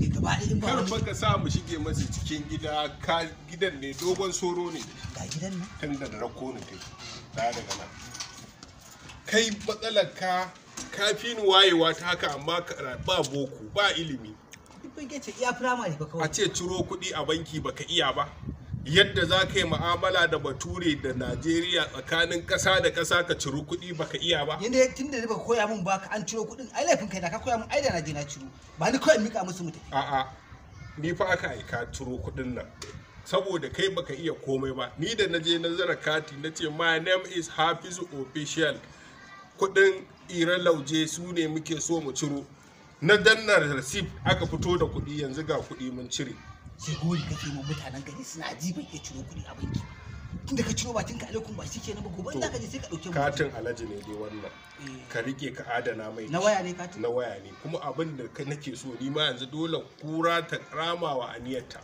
ne gaba ɗaya ba wani baka sa mu shige masa cikin gida ka gidan ne dogon soro ne ga gidan ne tun da rako ne kai da daga nan kai matsalar ka ka fi ni wayewa ta haka amma ba boko ba ilimi duk iya ba kawai a ce ciro kuɗi a banki baka iya ba yadda za ka yi ma'amala da bature da najeriya tsakanin ƙasa da ƙasa ka ciro kuɗi baka iya ba yadda ya tun da ba koya min ba ka an ciro kuɗin ai laifin kai na ka koya min ai da na je na ciro ba ni kawai mika musu mutum a'a ni fa aka aika ciro kuɗin nan saboda kai baka iya komai ba ni da na je nazara kati na ce my name is hafizu official kuɗin iran lauje su ne muke so mu ciro na dannar receipt aka fito da kuɗi yanzu ga kuɗi mun cire sai gori kake ma mutanen gari suna ji bai iya ciro kuɗi a banki tunda ka ciro tun ka alaikum ba shike na ba gobe za ka je sai ka dauke katin alaji ne dai wannan eh. ka rike ka adana mai na waya ne katin na waya ne kuma abin da nake so ni ma yanzu dole kura ta ramawa aniyarta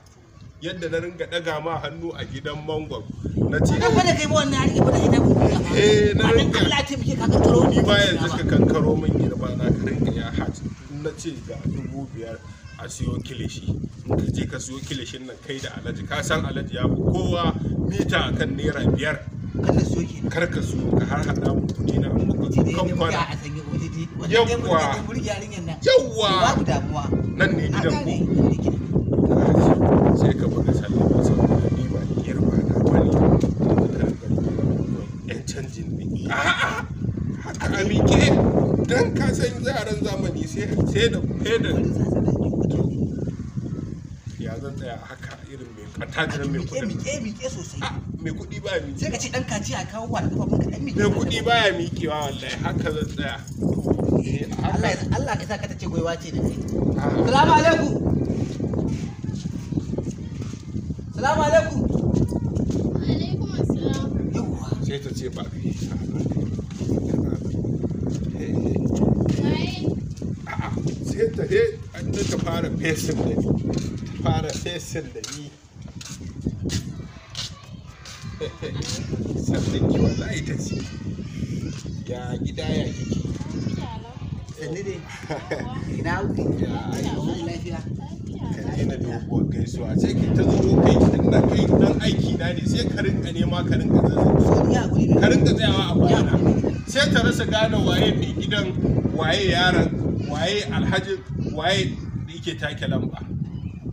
yadda na ringa daga ma hannu a gidan mangon na ce ba da kai ba wannan rike ba da ka eh na ringa Allah ta miki ka kankaro ni ba yanzu ka kankaro min girba na ka ringa ya haji na ce ga dubu biyar a siyo kilishi ka je ka siyo kilishin nan kai da alaji ka san alaji ya fi kowa mita akan naira biyar kar ka su ka har hada mu kuɗi na mu zo kan kwana yawwa yawwa nan ne gidan ku sai ka buga sallama saboda ni ba kiyar ba na bane yan canjin ne a'a haka amike dan ka san yaran zamani sai da sai da tsaya haka irin mai fatajiran mai kuɗi miƙe miƙe sosai ah, mai kuɗi baya miƙe sai ka ce dan kaji a kawo wa da kafafun ka dan miƙe mai kuɗi baya miƙewa wallahi haka zan tsaya eh, Allah ya sa ka tace goyewa ce da kai ah. salamu alaikum salamu alaikum alaikum assalam sai ta ce ba sai ta he eh, fara fesin da ni fara fesin da ni sannan ki wallahi ta ce ya gida ya e, ya gaisuwa sai ki ta ka a bayana sai ta rasa gane waye mai gidan waye yaran waye Alhaji waye da yake take lamba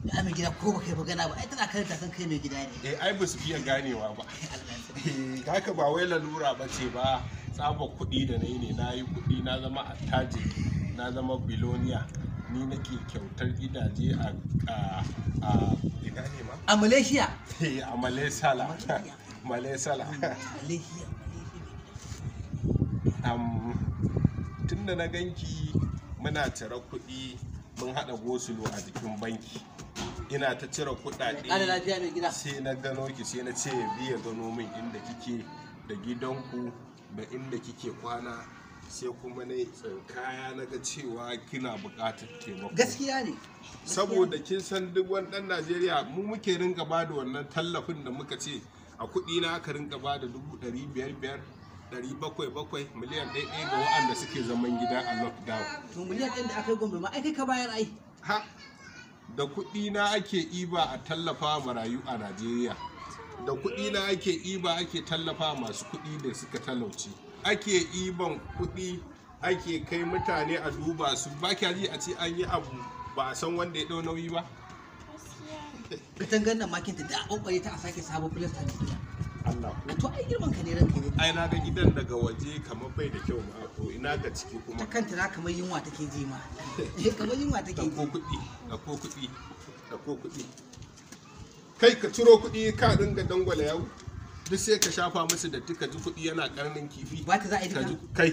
da mai gida ko baka yi magana ba ai tana kan ta san kai mai gida ne eh ai ba su fiye ganewa ba eh, haka ba wai lalura ba ce ba tsaba kuɗi da na yi ne na yi kuɗi na zama attajiri na zama biloniya ni nake kyautar gidaje a a ne ma a malaysia eh, a malaysia la malaysia la malaysia tun da na ganki muna tare kuɗi mun haɗa gosulo a jikin banki ina ta cire kuɗaɗe sai na gano ki sai na ce ya biya gano min inda kike da gidanku da inda kike kwana sai kuma na tsinkaya na ga cewa kina buƙatar taimako gaskiya ne saboda kin san duk wani ɗan najeriya mu muke ringa ba da wannan tallafin da muka ce a kuɗi na aka ringa ba da dubu ɗari biyar biyar 777 miliyan 1 ga waɗanda suke zaman gida a lockdown to miliyan 1 da aka yi gombe ma ai kai ka bayar ai ha da kuɗi na ake iba a tallafa marayu a Najeriya da kuɗi na ake iba ake tallafa masu kuɗi da suka talauci ake iban kuɗi ake kai mutane a duba su ba kya ji a ce an yi abu ba a san wanda ya ɗau nauyi ba katangar nan makinta da a ƙoƙari ta a sake sabon filistan Allah to ai girman ka ne ranka ne ai na ga gidan daga waje kamar bai da kyau ma ko ina ga ciki kuma ta kanta na kamar yunwa take ji ma eh, kamar yunwa take ji ko kuɗi da ko kuɗi da ko kuɗi kai ka ciro kuɗi ka dinga dangwala yau duk sai ka shafa musu da duka ji kuɗi yana karnin kifi ba ta za a yi duka kai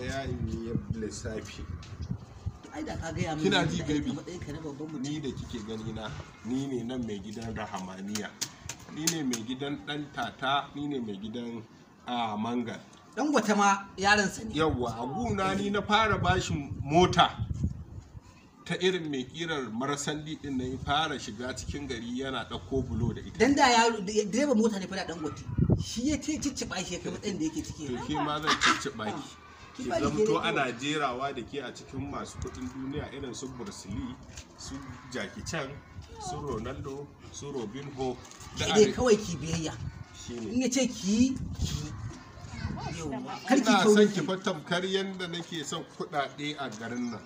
ya yi lissafi kina ji gabi ni da kike gani na ni ne nan mai gidan rahamaniya ni ne mai gidan ɗan tata ni ne mai gidan a mangal dan gwata ma yaransa ne yawwa a guna ni na fara bashi mota ta irin mai kirar marasandi din nan fara shiga cikin gari yana ɗauko bulo da ita dan da yaro direba mota ne fara dan gwata shi ya ce cicciɓa shi ya kai matsayin da yake ciki to ke ma zan cicciɓa ki ah, ki zamto ana jerawa da ke a cikin masu kudin duniya irin su bursili su jaki chan su ronaldo su robinho da dai kawai ki biyayya in ya ce ki ina son ki fa tamkar yadda nake son kuɗaɗe a garin nan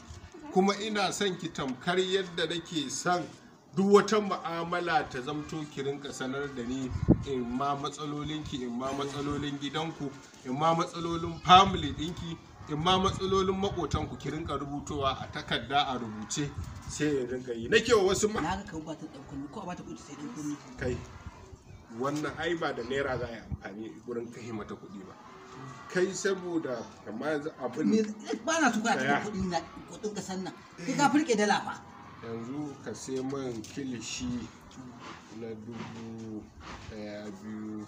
kuma ina son ki tamkar yadda nake son duk wata mu'amala ta zamto ki rinka sanar da ni in ma matsalolinki in ma matsalolin gidanku in ma matsalolin family dinki, in ma matsalolin makotanku ki rinka rubutowa a takarda a rubuce sai in rinka yi nake wa wasu ma na ga kan ba ta dan kunni ko ba ta kudi sai dan kunni kai wannan ai ba da naira za a yi amfani gurin kai mata kuɗi ba kai saboda amma yanzu abin ba na tuka ta kuɗi na kuɗin kasar nan kai ka firke dala fa yanzu ka sai man kilishi na dubu ɗaya biyu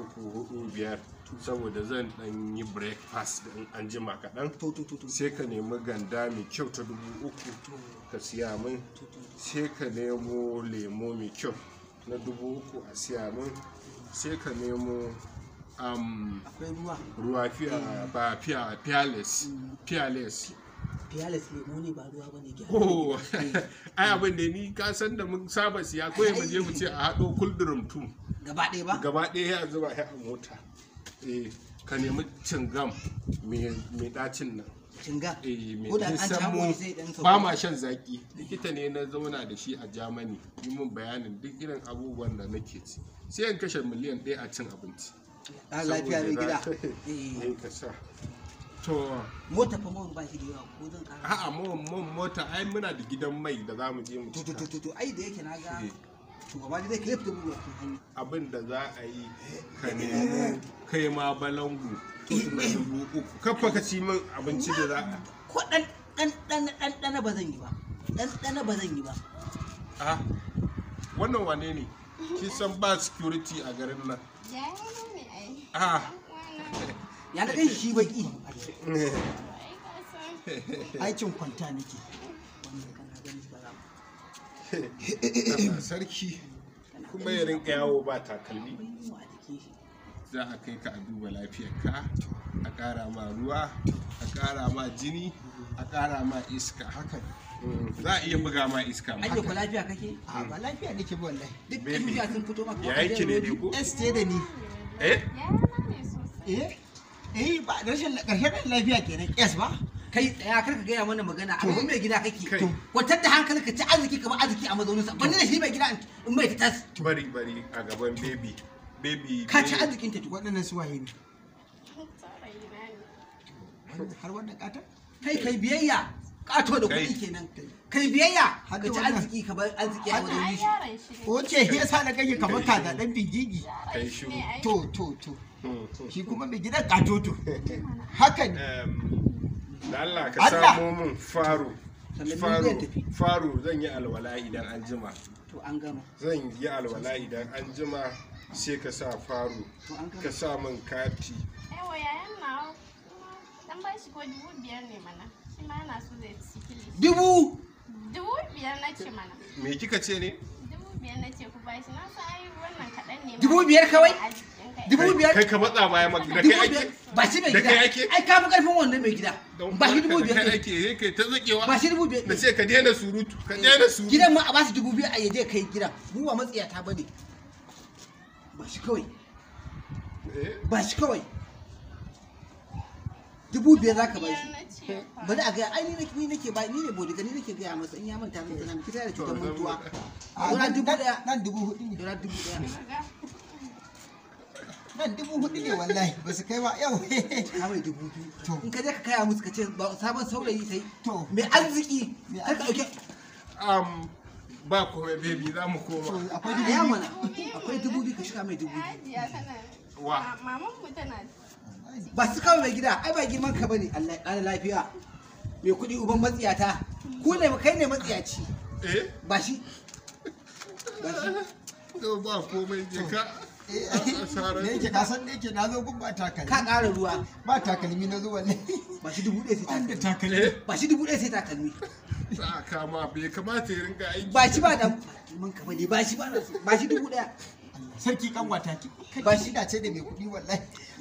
uku hudu biyar saboda zan dan yi breakfast din an jima kaɗan sai ka nemi ganda mai kyau ta dubu uku ka siya min sai ka nemo lemo mai kyau na dubu uku a siya min sai ka nemo ruwa eh. ba fiya fearless fearless mm. fearless lemo ne ba ruwa bane gyara oh ai abin da ni ka san da mun saba siya ko mu je mu ce a hado kuldurum tu gaba ɗaya ba gaba ɗaya ya zuba ya a mota Eh, ka nemi cingam mai dacin nan cingam eh, ba ma shan zaki likita ne na zauna da shi a germany yi min bayanin duk irin abubuwan da nake ci sai in kashe miliyan ɗaya a cin abinci a ah, lafiya mai gida eh. to mota fa mawan ba shi da yawa ko zan ƙara a'a mawan mota ai muna da gidan mai da za mu je mu tutu tutu tutu ai da yake na ga shugaba zai kai fita abin da za a yi ka nemi kai ma balangu eh, eh. kafa ka ci min abinci da za a ko dan dan dan dan ba zan yi ba dan dan ba zan yi ba a wannan wane ne kin san ba security a garin nan a ya na kai shi baki eh. aikin kwanta nake sarki kuma ya rinka yawo ba takalmi za a kai ka a duba lafiyarka a ƙara ma ruwa a ƙara ma jini a ƙara ma iska haka za a iya buga ma iska ma haka lafiya kake a ba lafiya nake ba wallahi duk lafiya sun fito maka ya yake ne ko este da ni eh eh eh ba rashin karshen lafiya kenan S ba kai tsaya kar ka gaya mana magana a mai gida kake kwatar da hankalinka ci arziki kamar arziki a mazaunin sa. Ban da shi mai gida in mai ta tas bari bari a gaban baby baby ka ci arzikin ta waɗannan su waye ne har wannan kata kai kai biyayya ƙato da kuɗi kenan kai biyayya ka ci arziki ka bar arziki a wajen shi oke shi yasa na kake kamar kaza dan bigigi to to to shi kuma mai gidan katoto haka ne Allah ka samo mun faru faru zan yi alwala idan an jima zan yi alwala idan an jima sai ka sa faro ka sa man kati yawa yayan na dan ba shi ko dubu biyar ne mana shi ma yana so zai ci kilishi dubu dubu biyar na ce mana me kika ce ne dubu biyar na ce ku ba shi na sa ai wannan kaɗan ne dubu biyar kawai dubu biyar kai ka matsa baya maka da kai ake ba shi mai gida ai ka fi karfin wannan mai gida ba shi dubu biyar kai ake kai ta zakewa ba shi dubu biyar da ce ka daina surutu ka daina surutu gidan ma a ba shi dubu biyar a yaje kai gida mu ba matsiya ta bane ba shi kawai eh? ba shi kawai dubu biyar za ka ba shi bari a gaya ai ni nake ba ni ne bodiga ni nake gaya masa in ya manta zan tana miki tare da cutar mantuwa dora dubu daya nan dubu hudu ne dora dubu daya nan dubu hudu ne wallahi ba su kai ba yau ka mai dubu biyu in ka je ka kaya musu ka ce sabon saurayi sai to mai arziki har ka dauke ba komai bebi za mu koma akwai dubu biyu mana akwai dubu biyu ka shiga mai dubu biyu wa maman mu tana ba su kawai mai gida ai ba girman ka bane Allah ya ƙara lafiya mai kuɗi uban matsiyata ku ne kai ne matsiyaci eh ba shi ba shi to ba komai je ka eh. da yake kasan da yake na zo gun ba takalmi ka ƙara ruwa ba takalmi na zo wanne eh? ba shi dubu ɗaya sai takalmi ba shi dubu ɗaya sai takalmi za a kama bai kamata ya ringa aiki ba shi ba da mun kama ne ba shi ba ba shi dubu daya sarki kanwata ba shi da ce da mai kuɗi wallahi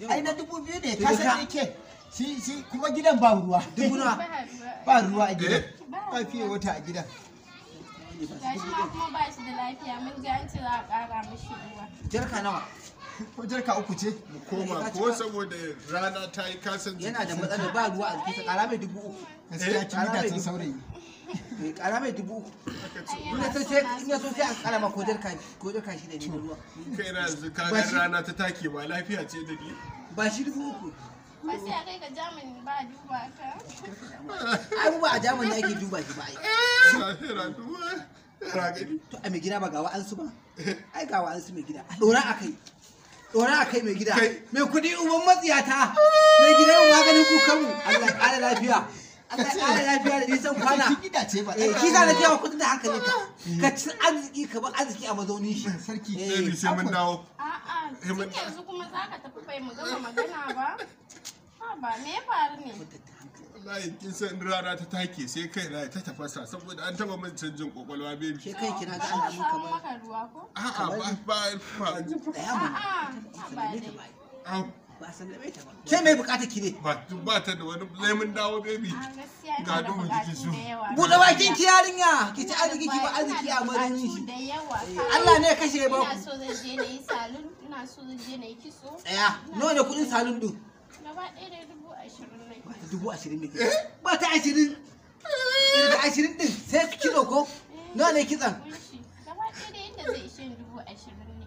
ai na dubu biyu ne ka san yake shi shi kuma gidan ba ruwa dubu na ba ruwa a gidan eh? ba fiye wata a gidan gashi ma kuma ba shi da lafiya mun ji an ce za a ƙara mishi ruwa jarka nawa ko jarka uku ce mu koma ko saboda rana ta yi kasan yana da matsala ba ruwa a jikinsa ƙara mai dubu uku gaskiya kimi eh? da tun saurayi kara eh, mai dubu uku ina so sai a kara ma kodar ka kodar ka shi da ni ruwa kai na yanzu ka ga rana ta take ba lafiya ce da ni ba shi dubu uku ba sai a kai ka Germany ba duba ka ai ba a Germany ake duba ki ba ai to a mai gida ba gawa an su ba ai gawa an su mai gida dora akai dora akai mai gida mai kudi uban matsiyata mai gidan maganin kukanmu Allah ya lafiya Allah ya ƙara lafiya da nisan kwana. Ki eh, za na biya kudin da hankali ka. Ka ci arziki ka bar arziki a mazaunin shi. Sarki ne eh, sai mun dawo. A'a, eh, yanzu kuma za ka tafi bai mu gama magana ba. Ba me faru ne? wallahi kin san rana ta take sai kai na ta tafasa saboda an taba min canjin kokwalwa baby ke kai kina ga Allah mun kamar a'a ba ba ba a'a ba sai mai bukatar ki ne ba ta da wani lemon mun dawo baby ga dubu jiki su buɗe bakin ki yarinya ki ci arziki ki ba arziki a marin shi Allah ne kashe ba ina so zan je yi salon ina so zan je na yi kitso tsaya nawa ne kuɗin salon din gaba ɗaya da dubu ashirin ne ba ta dubu ashirin ne ba ta ashirin da ashirin din sai kilo ko eh, nawa ne kitsan gaba ɗaya da yadda zai ishe dubu ashirin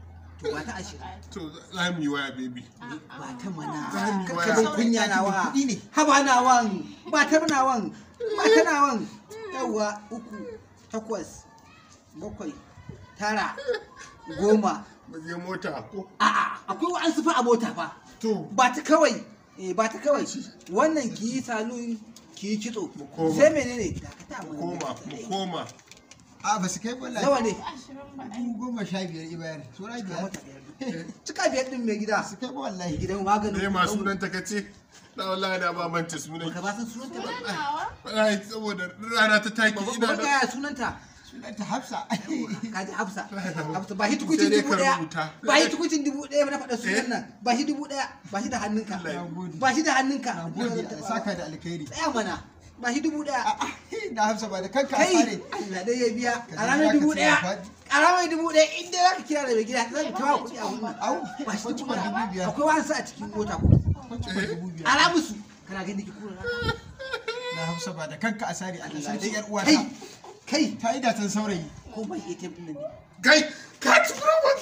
to ba ta ashirin to za mu yi waya baby ba ta mana za mu yi waya kadan kunya nawa haba nawan ba ta nawan ba ta nawan uku takwas bakwai tara goma ba mota ko a'a akwai wa'ansu fa a mota fa to ba ta kawai eh, ba ta kawai wannan ki yi salon ki yi kitso sai menene dakata koma koma a ba su kai kwallo nawa ne dubu goma sha biyar ibayar sura biyar cika biyar din mai gida su kai ba wallahi gidan maganin ne ma sunan ta kace na wallahi na ba manta sunan ka ba san sunan ta ba wallahi saboda rana ta take ina ba ga sunan ta sunan ta hafsa kaji hafsa hafsa ba shi tukucin dubu daya ba shi tukucin dubu daya na faɗa sunan nan ba shi dubu daya ba shi da hannunka ba shi da hannunka saka da alkhairi tsaya mana ba shi dubu daya eh, na hamsa ba da kanka a fare Allah dai ya biya a ranar dubu daya a ranar dubu daya inda za ka kira da mai gida za ka kawo kuɗi a wuri ba shi dubu daya akwai wani sa a cikin mota ko a ramusu kana gani ki kura na hamsa ba da kanka a sare Allah dai yar uwa kai kai ta yi datan saurayi ko bai iya tabi nan ne kai ka ci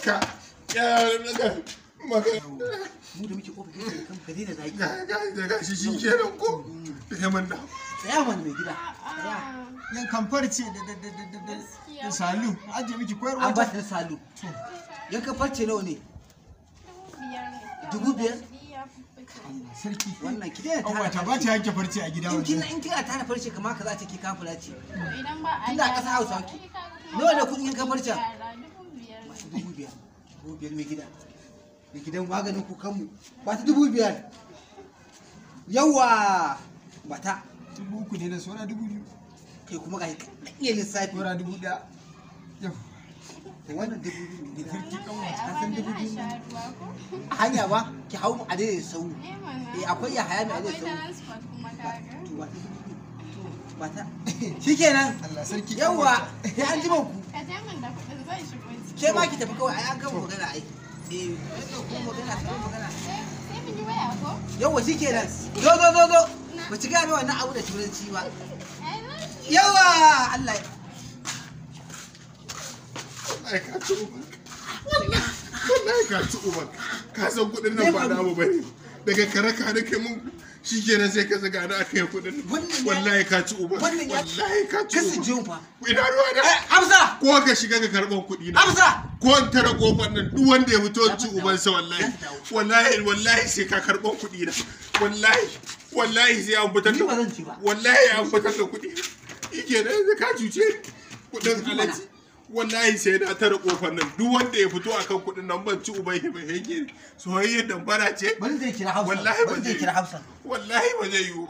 ka mu da muke kofa kai kan ka daina zaki ga ga ga shi shi kenan ko mm. da kai man tsaya mana mai gida yan kamfar da salu miki koyarwa an ba salu yan ce nawa ne dubu biyar sarki wannan ki dai tara ta ba ta yanke farce a gida in kina in kina farce kamar ka za ta ki kafura ce idan ba kasa Hausa ki nawa ne kudin yankan farce dubu biyar dubu biyar mai gida mai gidan maganin kukanmu ba ta dubu biyar yawa ba ta dubu uku ne na saura dubu biyu kai kuma ga iya lissafi saura dubu ɗaya wannan dubu biyu da firki dubu biyu hanya ba ki hau a daidai sau eh, eh akwai ya haya mai a daidai sau bata shikenan yawa ya an jima ku ke ma ki tafi kawai ai an gama magana ai eh kuma magana sai magana eh, sai mun yi waya ko yawa shikenan zo zo zo zo ba ci gane wannan abu da turanci ba yawa Allah ya ka ci uban ka ci ka san kudin nan ba ba bane daga karaka da kai mun shi nan sai ka zaga na aka yi kudin wallahi ka ci uban wallahi ka ci uban ina ruwa da eh, hamza ko ka shiga ka karban kudi na hamza ko in tara kofar nan duk wanda ya fito ci uban sa wallahi wallahi wallahi sai ka karban kudi na wallahi wallahi sai an fitar da wallahi an fitar da kuɗi ike nan ka cuce kuɗin alaji wallahi sai na tara kofar nan duk wanda ya fito akan kuɗin nan ban ci ubai ba yake soyayya dambara ce bari zai kira hausa wallahi ban zai kira hafsa wallahi ban zai yiwu